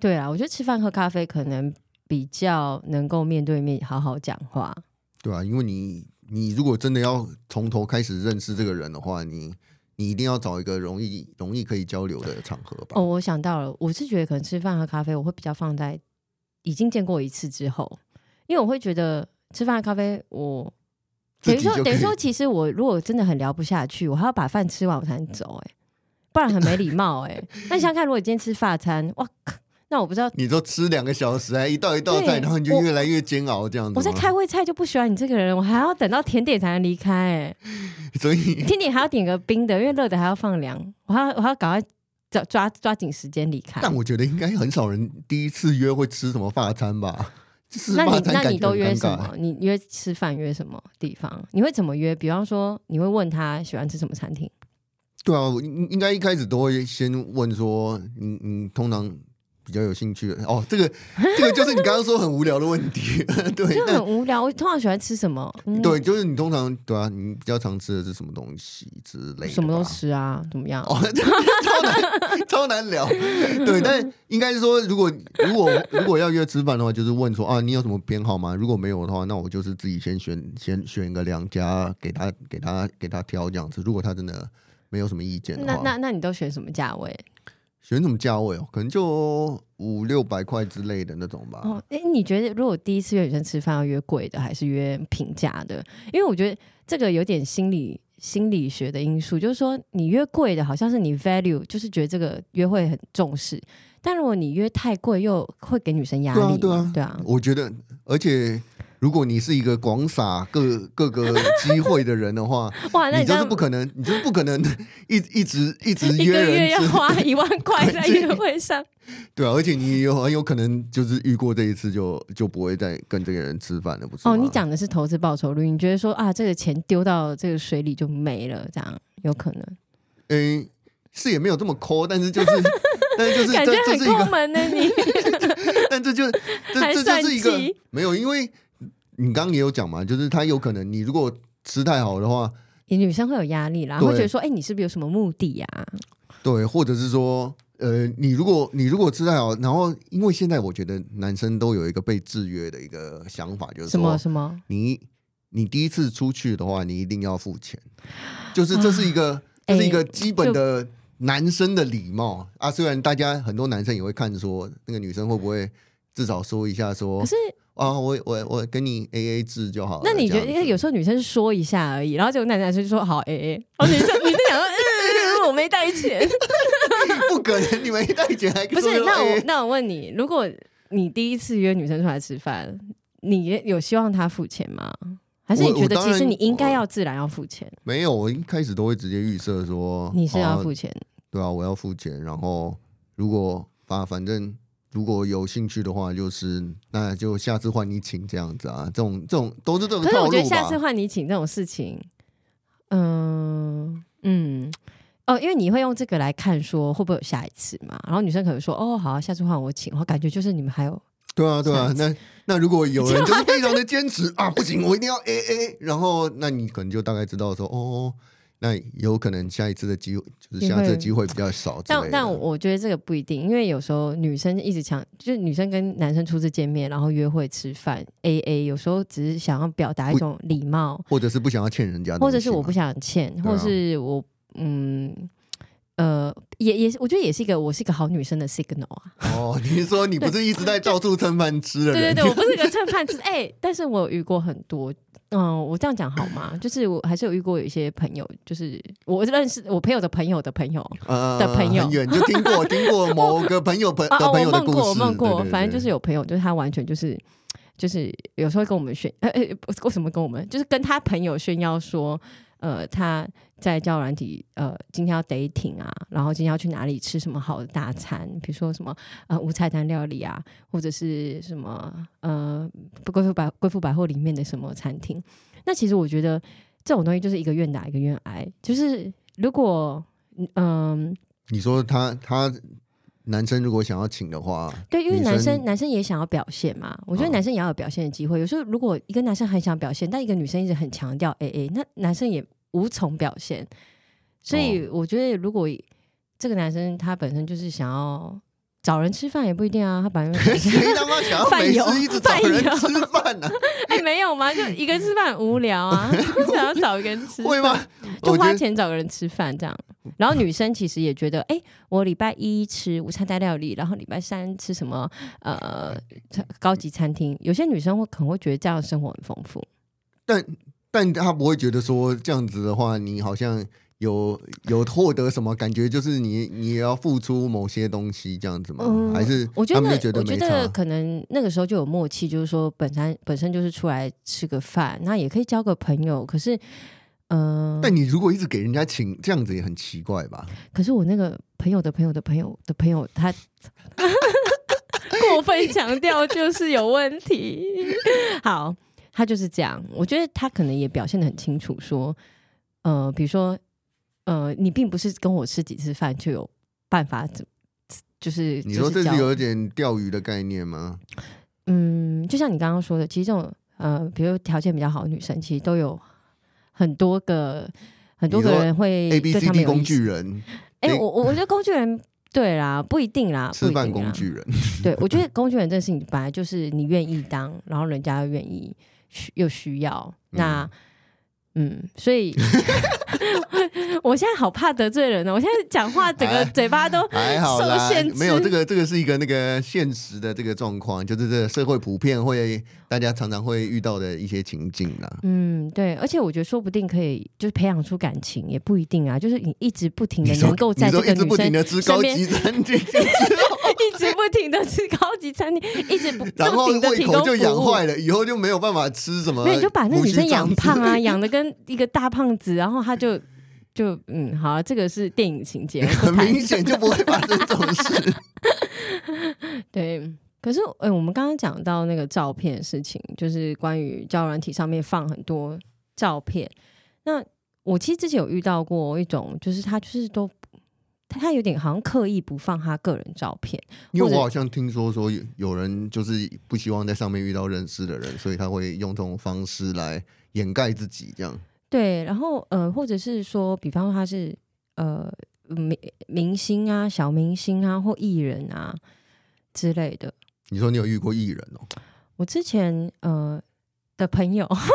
對啊，我覺得吃飯喝咖啡可能比較能夠面對面好好講話。對啊，因為你你如果真的要從頭開始認識這個人的話，你。你一定要找一個容易容易可以交流的場合吧。哦，我想到了，我是覺得可能吃飯喝咖啡，我會比較放在已經見過一次之後，因為我會覺得吃飯喝咖啡我，我等於說等於說，於說其實我如果真的很聊不下去，我還要把飯吃完我才能走、欸，誒、嗯，不然很沒禮貌、欸，誒。那你想看，如果今天吃法餐，哇那我不知道，你都吃兩個小時哎，一道一道菜，對然後你就越來越煎熬這樣子。我，我在開胃菜就不喜歡你這個人，我還要等到甜點才能離開、欸。所以甜點還要點個冰的，因為熱的還要放涼，我還要我還要趕快抓抓緊時間離開。但我覺得應該很少人第一次約會吃什麼法餐吧？法餐感覺，那你那你都約什麼？你約吃飯約什麼地方？你會怎麼約？比方說你會問他喜歡吃什麼餐廳？對啊，應應該一開始都會先問說，你、嗯、你、嗯、通常。比較有興趣的哦，這個這個就是你剛剛說很無聊的問題， <laughs> 對，就很無聊。我通常喜歡吃什麼？嗯、對，就是你通常對啊，你比較常吃的是什麼東西之類？什麼都吃啊？怎麼樣？哦、超難 <laughs> 超難聊，對。 <laughs> 但應該是說，如果如果如果要約吃飯的話，就是問說啊，你有什麼偏好嗎？如果沒有的話，那我就是自己先選，先選一個兩家給他給他給他挑這樣子。如果他真的沒有什麼意見的話，那那那你都選什麼價位？選什麼價位哦？可能就五六百塊之類的那種吧。哦，誒，你覺得如果第一次約女生吃飯，要約貴的還是約平價的？因為我覺得這個有點心理心理學的因素，就是說你約貴的好像是你 value，就是覺得這個約會很重視。但如果你約太貴，又會給女生壓力。對對啊，對啊，對啊，我覺得，而且。如果你是一個廣撒各各個機會的人的話， <laughs> 哇，那個、你就是不可能，你就是不可能一直一直一直約人，一個月要花一萬塊在約會上對。對啊，而且你有很有可能就是遇過這一次就就不會再跟這個人吃飯了，不是？哦，你講的是投資報酬率，你覺得說啊，這個錢丟到這個水裡就沒了，這樣有可能？嗯、欸，是也沒有這麼摳，但是就是， <laughs> 但是就是感覺很摳門呢、欸，你。 <laughs> 但這就這這就是一個沒有因為。你剛剛也有講嘛，就是他有可能，你如果吃太好的話，你女生會有壓力啦，然後會對覺得說，哎、欸，你是不是有什麼目的呀？、啊？對，或者是說，呃，你如果你如果吃太好，然後因為現在我覺得男生都有一個被制約的一個想法，就是說什麼什麼，你你第一次出去的話，你一定要付錢，就是這是一個，啊、這是一個基本的男生的禮貌、欸、啊。雖然大家很多男生也會看說，那個女生會不會至少說一下說，可是。啊，我我我跟你 A A 制就好了。那你覺得，因為有時候女生說一下而已，然後結果那男，男生就說好 A A，哦，女生 <laughs> 女生兩個、嗯，我沒帶錢，不可能，你沒帶錢還可以？不是，那我那我問你，如果你第一次約女生出來吃飯，你也有希望她付錢嗎？還是你覺得其實你應該要自然要付錢、呃？沒有，我一開始都會直接預設說你是要付錢、啊，對啊，我要付錢。然後如果把反正。如果有興趣的話，就是那就下次換你請這樣子啊，這種這種都是這種套路吧。可是我覺得下次換你請這種事情，呃、嗯嗯哦，因為你會用這個來看說會不會有下一次嘛？然後女生可能說哦好、啊，下次換我請，我感覺就是你們還有下一次。對啊對啊。那那如果有人就是非常的堅持 <laughs> 啊，不行，我一定要 A A，然後那你可能就大概知道說哦。那有可能下一次的機會就是下次的機會比較少，但但我覺得這個不一定，因為有時候女生一直想，就是女生跟男生初次見面，然後約會吃飯，AA，有時候只是想要表達一種禮貌，或者是不想要欠人家的，或者是我不想欠，或者是我、啊、嗯。呃，也也是，我覺得也是一個我是一個好女生的 signal 啊。哦，你是說你不是一直在到處蹭飯吃的人對？對對對，我不是一個蹭飯吃，哎， <laughs> 但是我有遇過很多，嗯、呃，我這樣講好嗎？就是我還是有遇過一些朋友，就是我認識我朋友的朋友的朋友、呃、的朋友，很遠就聽過 <laughs> 聽過某個朋友朋的朋友的故事，反正就是有朋友，就是他完全就是就是有時候跟我們炫，呃哎，為什麼跟我們？就是跟他朋友炫耀說。呃，他在叫軟體，呃，今天要 dating 啊，然後今天要去哪裡吃什麼好的大餐？比如說什麼呃，無菜單料理啊，或者是什麼呃，不貴婦百貴婦百貨裡面的什麼餐廳？那其實我覺得這種東西就是一個願打一個願挨，就是如果嗯，呃、你說他他。男生如果想要請的話，對，因為男生，生男生也想要表現嘛。我覺得男生也要有表現的機會。哦、有時候如果一個男生很想表現，但一個女生一直很強調 AA，那男生也無從表現。所以我覺得，如果這個男生他本身就是想要找人吃飯，也不一定啊。他本身誰他媽想要飯友，一直找人吃飯呢、啊。哎、 <laughs> 欸，沒有嘛，就一個人吃飯很無聊啊， <laughs> 不想要找一個人吃會嗎？就花錢找個人吃飯這樣。然後女生其實也覺得，哎、欸，我禮拜一吃午餐帶料理，然後禮拜三吃什麼？呃，高級餐廳。有些女生會可能會覺得這樣的生活很豐富，但但她不會覺得說這樣子的話，你好像有有獲得什麼感覺？就是你你也要付出某些東西這樣子嗎？嗯、還是他們就覺得，我覺得，沒差？我覺得可能那個時候就有默契，就是說本身本身就是出來吃個飯，那也可以交個朋友。可是。嗯，呃，但你如果一直給人家請這樣子也很奇怪吧？可是我那個朋友的朋友的朋友的朋友，他 <laughs> 過分強調就是有問題。 <laughs> 好，他就是這樣。我覺得他可能也表現得很清楚，說，呃，比如說，呃，你並不是跟我吃幾次飯就有辦法，就是你說這是有一點釣魚的概念嗎？嗯，就像你剛剛說的，其實這種呃，比如條件比較好的女生，其實都有。很多個很多個人會對他們 A B C D 工具人，哎、欸，我我覺得工具人對啦，不一定啦，定啦吃飯工具人，對我覺得工具人這個事情本來就是你願意當， <laughs> 然後人家又願意需又需要，嗯，那嗯，所以 <laughs> <laughs> 我現在好怕得罪人呢、哦，我現在講話整個嘴巴都受限制。制，還好啦，沒有這個這個是一個那個現實的這個狀況，就是這個社會普遍會。大家常常會遇到的一些情境啦。嗯，對，而且我覺得說不定可以，就是培養出感情也不一定啊。就是你一直不停的能夠在這個女生身邊，一直不停的吃高級餐廳， <laughs> 一直不停的吃高級餐廳，一直不，然後胃口就養壞了， <laughs> 以後就沒有辦法吃什麼。對，就把那女生養胖啊，養的跟一個大胖子，然後他就就嗯，好、啊，這個是電影情節，很明顯就不會發生這種事。 <laughs> 對。可是，哎、欸，我們剛剛講到那個照片的事情，就是關於交友軟體上面放很多照片。那我其實之前有遇到過一種，就是他就是都他他有點好像刻意不放他個人照片。因為我好像聽說說有人就是不希望在上面遇到認識的人， <laughs> 所以他會用這種方式來掩蓋自己這樣。對，然後呃，或者是說，比方說他是呃明明星啊、小明星啊或藝人啊之類的。你說你有遇過藝人哦？我之前呃的朋友，呵呵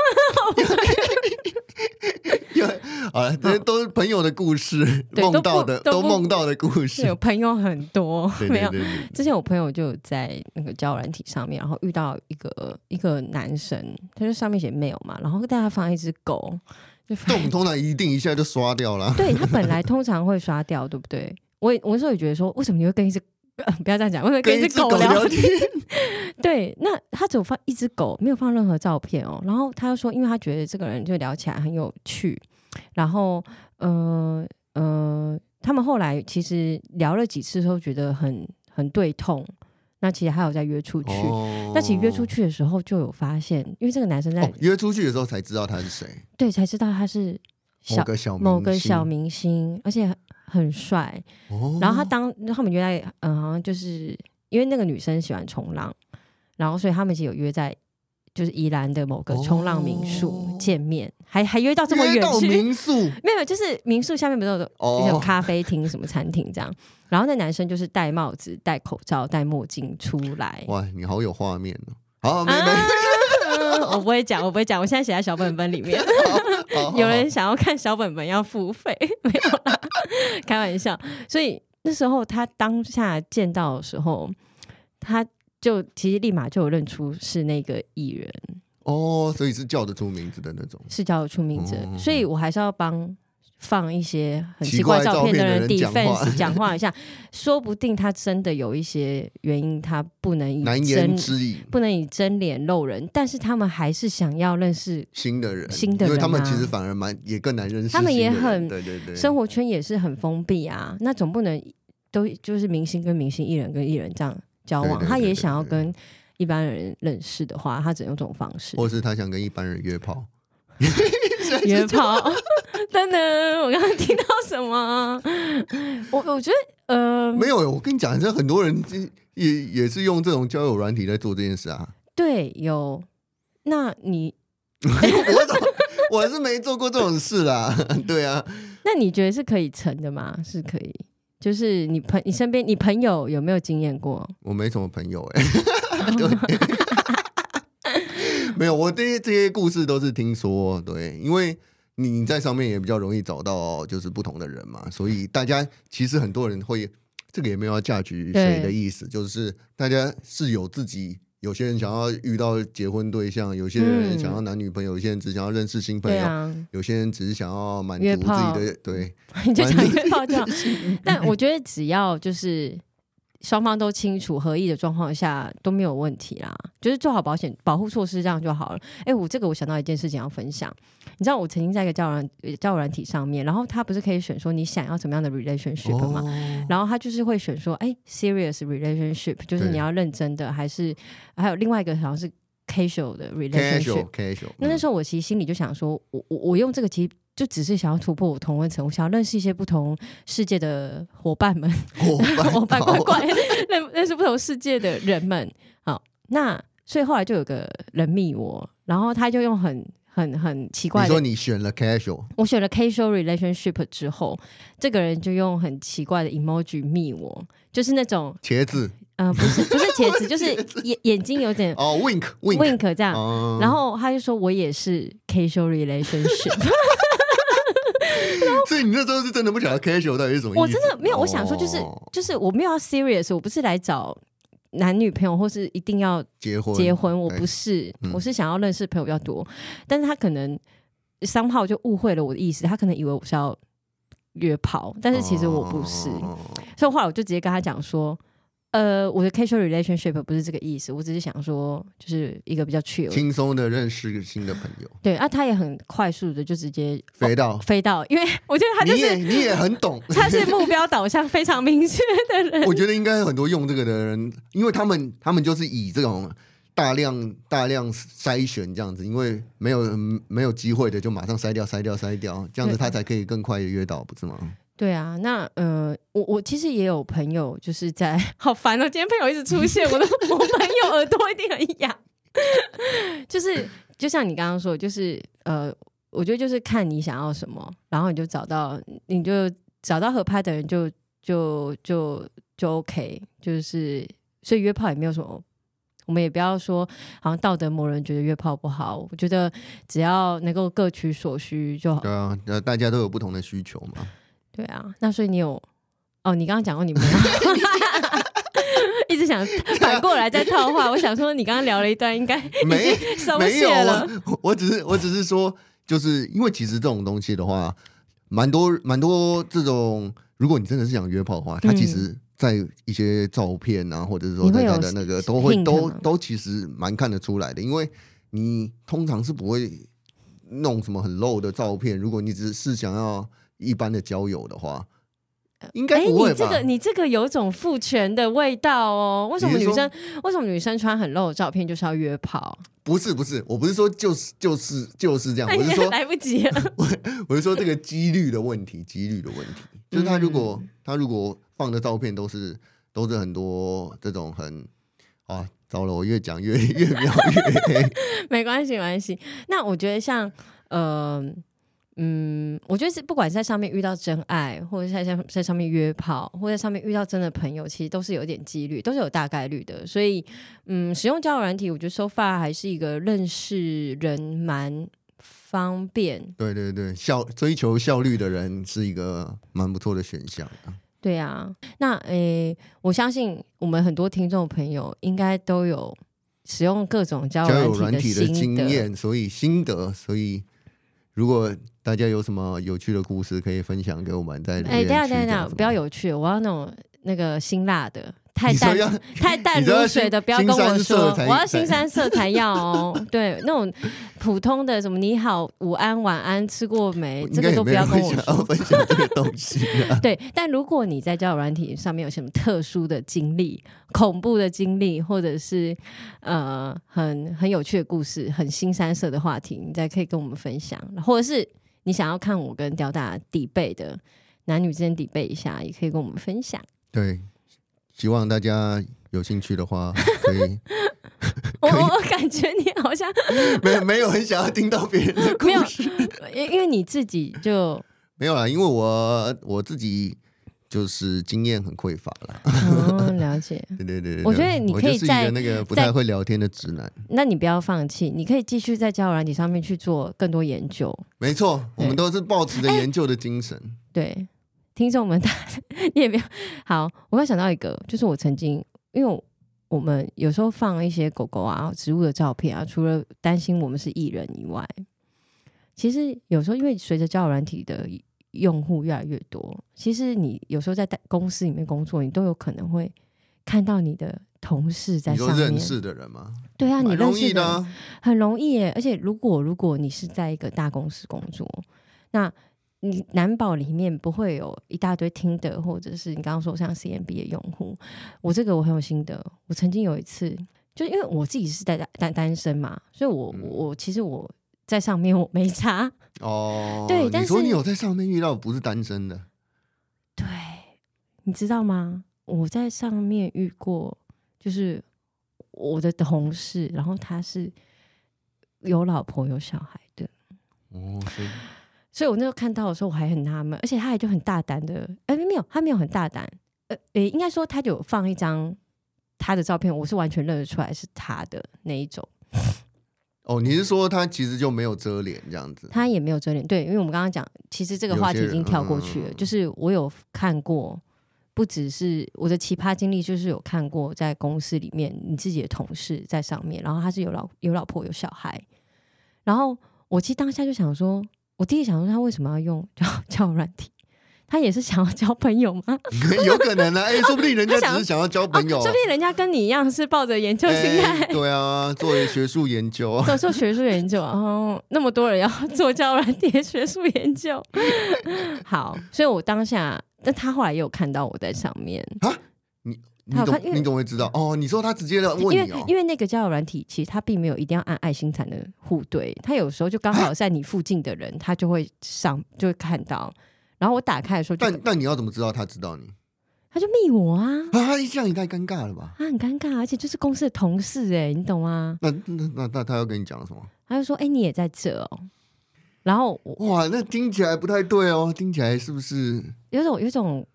<laughs> 因為啊這些都是朋友的故事，那夢到的都,都夢到的故事。有朋友很多， <laughs> 對對對對沒有。之前我朋友就在那個交友軟體上面，然後遇到一個一個男生，他就上面寫沒有嘛，然後給他放一只狗。那我們通常一定一下就刷掉了。 <laughs> 對他本來通常會刷掉，對不對？我我有時候也覺得說，為什麼你會跟一只？呃、不要這樣講，我在跟一隻狗、一隻狗聊天。 <laughs> 對，那他只有放一隻狗，沒有放任何照片哦。然後他又說，因為他覺得這個人就聊起來很有趣。然後，呃嗯、呃，他們後來其實聊了幾次，都覺得很很對痛。那其實還有在約出去，哦、那其實約出去的時候就有發現，因為這個男生在、哦、約出去的時候才知道他是誰，對，才知道他是某個某個小明星，而且。很帥，然後他當他們約在，嗯，好像就是因為那個女生喜歡衝浪，然後所以他們就有約在就是宜蘭的某個衝浪民宿見面。哦、還還約到這麼遠去約民宿？沒有，就是民宿下面不是有、哦、有咖啡廳、什麼餐廳這樣，然後那男生就是戴帽子、戴口罩、戴墨鏡出來。哇，你好有畫面哦！好、沒沒，我不會講，我不會講，我現在寫在小本本裡面。好好好，有人想要看小本本要付費，沒有啦， <laughs> 開玩笑。所以那時候他當下見到的時候，他就其實立馬就有認出是那個藝人哦，所以是叫得出名字的那種，是叫得出名字。所以我還是要幫。放一些很奇怪照片的人，defense 講話， <laughs> 話一下，說不定他真的有一些原因，他不能以真，難言之隱，不能以真臉露人，但是他們還是想要認識新的人，啊，新的人，因為他們其實反而蠻也更難認識的人，啊，他們也很對對對，生活圈也是很封閉啊。那總不能都就是明星跟明星，藝人跟藝人這樣交往。對對對對對，他也想要跟一般人認識的話，他只能用這種方式，或是他想跟一般人約炮。 <laughs> 別跑！等等， <laughs> 我剛剛聽到什麼？我我覺得，呃，沒有。我跟你講，很多人也也是用這種交友軟體在做這件事啊。對，有。那你 <laughs> 我還是沒做過這種事啦。對啊， <laughs> 那你覺得是可以成的嗎？是可以，就是你朋友你身邊你朋友有沒有經驗過？我沒什麼朋友哎、欸。 <laughs> 對。 <laughs> 沒有，我這些這些故事都是聽說，對，因為你在上面也比較容易找到，就是不同的人嘛，所以大家其實很多人會，這個也沒有要嫁娶誰的意思，對就是大家是有自己，有些人想要遇到結婚對象，有些人想要男女朋友，嗯、有些人只想要認識新朋友，啊、有些人只是想要滿足自己的，泡對，你就想約炮這樣， <laughs> 但我覺得只要就是。雙方都清楚合意的狀況下都沒有問題啦，就是做好保險保護措施這樣就好了。哎、欸，我這個我想到一件事情要分享，你知道我曾經在一個交友軟交友軟體上面，然後他不是可以選說你想要什麼樣的 relationship 嗎？哦、然後他就是會選說，哎、欸、，serious relationship 就是你要認真的，對還是還有另外一個好像是 casual 的 relationship，casual。Casual, casual，嗯、那那時候我其實心裡就想說，我我我用這個其實。就只是想要突破我同溫層，我想要認識一些不同世界的夥伴們，夥伴， <laughs> 伴怪怪，認 <laughs> 認識不同世界的人們。好，那所以後來就有個人密我，然後他就用很很很奇怪的，你說你選了 casual，我選了 casual relationship 之後，這個人就用很奇怪的 emoji 密我，就是那種茄子，呃，不是不是茄子， <laughs> 不是茄子就是眼眼睛有點哦、oh, wink wink, wink 這樣，uh、然後他就說我也是 casual relationship。 <laughs> 所以你那時候是真的不曉得 casual 到底是什麼意思？我真的沒有，我想說就是就是我沒有要 serious，我不是來找男女朋友，或是一定要結婚結婚，我不是，欸嗯、我是想要認識朋友比較多。但是他可能 somehow 就誤會了我的意思，他可能以為我是要約炮，但是其實我不是。所以後來我就直接跟他講說。呃，我的 casual relationship 不是這個意思，我只是想說，就是一個比較 chill 輕鬆的認識新的朋友。對，啊，他也很快速的就直接飛到、哦、飛到，因為我覺得他就是你也，你也很懂，他是目標導向非常明確的人。 <laughs> 我覺得應該很多用這個的人，因為他們他們就是以這種大量大量篩選這樣子，因為沒有沒有機會的就馬上篩掉篩掉篩掉，這樣子他才可以更快的約到，不是嗎？對啊，那呃，我我其實也有朋友，就是在好煩哦，今天朋友一直出現，我的我朋友耳朵一定很癢。就是就像你剛剛說，就是呃，我覺得就是看你想要什麼，然後你就找到，你就找到合拍的人就，就就就就 OK。就是所以約炮也沒有什麼，我們也不要說好像道德某人覺得約炮不好，我覺得只要能夠各取所需就好。對啊，那大家都有不同的需求嘛。對啊，那所以你有哦？你剛剛講過，啊，你沒有 <laughs> <laughs> 一直想反過來再套話。啊，我想說，你剛剛聊了一段，應該沒沒有了。我只是我只是說，就是因為其實這種東西的話，蠻多蠻多這種。如果你真的是想約炮的話，它其實在一些照片啊，嗯、或者是說在的那個，都會的都嗎都其實蠻看得出來的。因為你通常是不會。弄什麼很露的照片？如果你只是想要一般的交友的話，應該不會吧？哎，你這個，你這個有種父權的味道哦。為什麼女生，為什麼女生穿很露的照片就是要約炮？不是不是，我不是說就是就是就是這樣，我是說、哎、來不及了。 <laughs> 我我是說這個幾率的問題，幾率的問題，就是他如果 <laughs> 他如果放的照片都是都是很多這種很。啊，糟了！我越講越越描越黑 <laughs> ，沒關係，沒關係。那我覺得像，呃，嗯，我覺得是不管在上面遇到真愛，或者在在在上面約炮，或者在上面遇到真的朋友，其實都是有點幾率，都是有大概率的。所以，嗯，使用交友軟體，我覺得 so far 還是一個認識人蠻方便。對對對，效追求效率的人是一個蠻不錯的選項。對呀、啊，那誒，我相信我們很多聽眾朋友應該都有使用各種交友軟，軟體的經驗，所以心得。所以，如果大家有什麼有趣的故事可以分享給我們，在裡面。哎，等下等下等下，不要有趣，我要那種那個辛辣的。太淡、太淡如水的，不要跟我說，我要腥羶色才要哦。對，那種普通的什麼你好、午安、晚安、吃過沒，這個都不要跟我說。分享 <laughs> 這個東西、啊。對，但如果你在交友軟體上面有什麼特殊的經歷、恐怖的經歷，或者是呃很很有趣的故事、很腥羶色的話題，你再可以跟我們分享。或者是你想要看我跟雕大底背的男女之間底背一下，也可以跟我們分享。對。希望大家有興趣的話，可以。 <laughs> 可以，我感覺你好像沒有沒有很想要聽到別人的故事，因 <laughs> 因為你自己就 <laughs> 沒有啦，因為我我自己就是經驗很匱乏了 <laughs> 哦。了解，對對對對，我覺得你可以在就是你的那個不太會聊天的直男，那你不要放棄，你可以繼續在交友軟體上面去做更多研究。沒錯錯，對我們都是抱持着研究的精神。欸、對。聽眾們，你也沒有。好，我剛想到一個，就是我曾經，因為我們有時候放一些狗狗啊、植物的照片啊。除了擔心我們是藝人以外，其實有時候因為隨着交友軟體的用戶越來越多，其實你有時候在公司裡面工作，你都有可能會看到你的同事在上面認識的人嗎？對啊，你認識的容易很容易耶。而且如果如果你是在一個大公司工作，那你男寶裡面不會有一大堆聽的，或者是你剛剛說像 CMB 的用戶，我這個我很有心得。我曾經有一次，就因為我自己是單單單身嘛，所以我、嗯、我其實我在上面我沒差哦，對。但是你說你有在上面遇到不是單身的，對，你知道嗎？我在上面遇過，就是我的同事，然後他是有老婆有小孩的哦，是。所以，我那時候看到的時候，我還很納悶，而且他還就很大膽的，哎、欸，沒有，他沒有很大膽，呃、欸，應該說他就有放一張他的照片，我是完全認得出來是他的那一種。哦，你是說他其實就沒有遮臉這樣子？他也沒有遮臉，對，因為我們剛剛講，其實這個話題已經跳過去了。嗯嗯，就是我有看過，不只是我的奇葩經歷，就是有看過在公司裡面，你自己的同事在上面，然後他是有老有老婆有小孩，然後我其實當下就想說。我第一想說他為什麼要用交友軟體？他也是想要交朋友嗎？ <laughs> 有可能啊，哎、欸，說不定人家只是想要交朋友，說不定人家跟你一樣是抱着研究心態、欸。對啊，做學術研究啊 <laughs> 做學術研究啊、哦，那麼多人要做交友軟體的學術研究。好，所以我當下，但他後來也有看到我在上面啊，你。你怎麼會知道？哦，你說他直接的問你，哦，因為因為那個交友軟體，其實他並沒有一定要按愛心才能互對，他有時候就剛好在你附近的人，他，啊，就會上，就會看到。然後我打開的時候就，但但你要怎麼知道他知道你？他就密我啊！他，啊，這樣也太尷尬了吧？他很尷尬，而且就是公司的同事誒、欸，你懂嗎？那那那他要跟你講什麼？他就說：“哎，欸，你也在這哦。”然後哇，那聽起來不太對哦，聽起來是不是？有種，有種。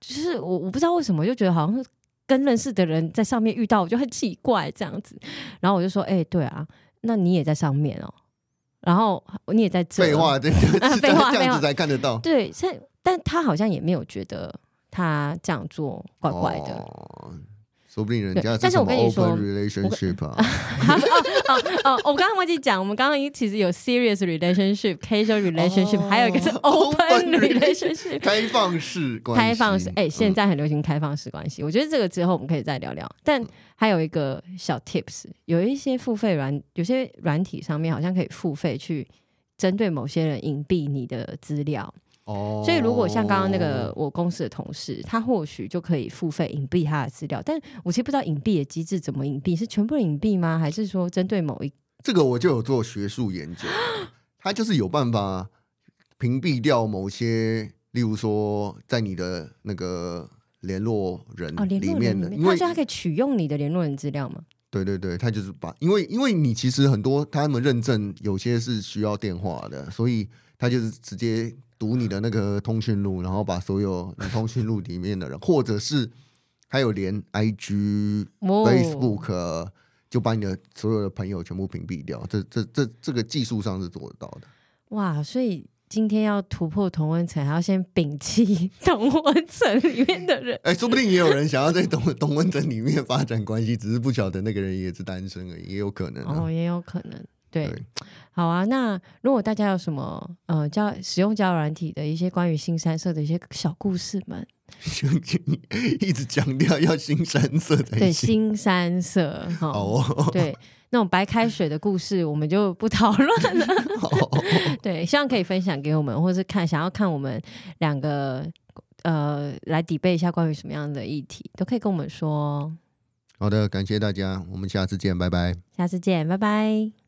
就是我我不知道為什麼，就覺得好像是跟認識的人在上面遇到，我就很奇怪這樣子。然後我就說：“哎、欸，對啊，那你也在上面哦。”然後你也在這廢話，對廢話，對對對 <laughs> 廢話，這樣子才看得到。對，但他好像也沒有覺得他這樣做怪怪的。哦說不定人家是、啊、但是我跟你說 open relationship 啊。哦哦哦，我剛剛忘記講， <laughs> 我們剛剛其實有 serious relationship、casual relationship，、哦、還有一個是 open relationship。開放式關係。開放式，哎、欸，現在很流行開放式關係，嗯、我覺得這個之後我們可以再聊聊。但還有一個小 tips，有一些付費軟，有一些軟體上面好像可以付費去針對某些人隱蔽你的資料。哦，oh, 所以如果像剛剛那個我公司的同事，oh. 他或許就可以付費隱蔽他的資料，但我其實不知道隱蔽的機制怎麼隱蔽，是全部隱蔽嗎？還是說針對某一？這個我就有做學術研究，蛤他就是有辦法屏蔽掉某些，例如說在你的那個聯絡人裡面的，或、oh, 聯絡人裡面，為他，說，他可以取用你的聯絡人資料嗎？對對對，他就是把因為因為你其實很多他們認證有些是需要電話的，所以他就是直接。讀你的那個通訊錄，然後把所有你通訊錄裡面的人，或者是還有連 IG、哦、Facebook、啊、就把你的所有的朋友全部屏蔽掉。這、這、這這個技術上是做得到的。哇！所以今天要突破同溫層，還要先摒棄同溫層裡面的人。哎、欸，說不定也有人想要在同 <laughs> 同溫層裡面發展關係，只是不曉得那個人也是單身而已，也有可能、啊、哦，也有可能。對，好啊。那如果大家有什麼呃教使用交友軟體的一些關於新三色的一些小故事們， <laughs> 一直強調要新三色的，對，新三色好哦。對，那種白開水的故事我們就不討論了。 <laughs> 好哦、對，希望可以分享給我們，或者是看想要看我們兩個呃來 debate 一下關於什麼樣的議題都可以跟我們說、哦。好的，感謝大家，我們下次見，拜拜。下次見，拜拜。